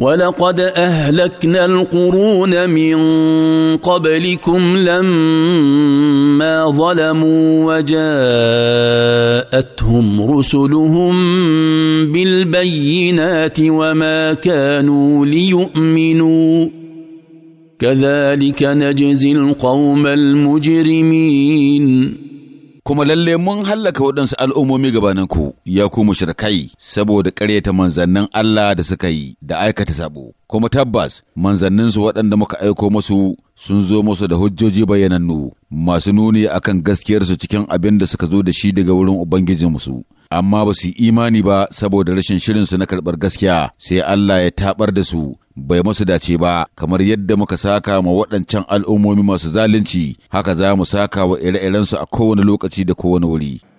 ولقد اهلكنا القرون من قبلكم لما ظلموا وجاءتهم رسلهم بالبينات وما كانوا ليؤمنوا كذلك نجزي القوم المجرمين kuma lalle mun hallaka waɗansu al'ummomi gabaninku ya kuma shirkai saboda ƙaryata manzannin Allah da suka yi da aikata sabo kuma tabbas manzanninsu waɗanda muka aiko masu sun zo musu da hujjoji bayanannu masu nuni a kan gaskiyarsu cikin abin da suka zo da shi daga wurin ubangijinsu amma ba su imani ba saboda rashin shirinsu na karɓar gaskiya sai Allah ya taɓar da su bai masu dace ba kamar yadda muka saka ma waɗancan al'ummomi masu zalunci haka za mu saka wa ire-irensu a kowane lokaci da kowane wuri.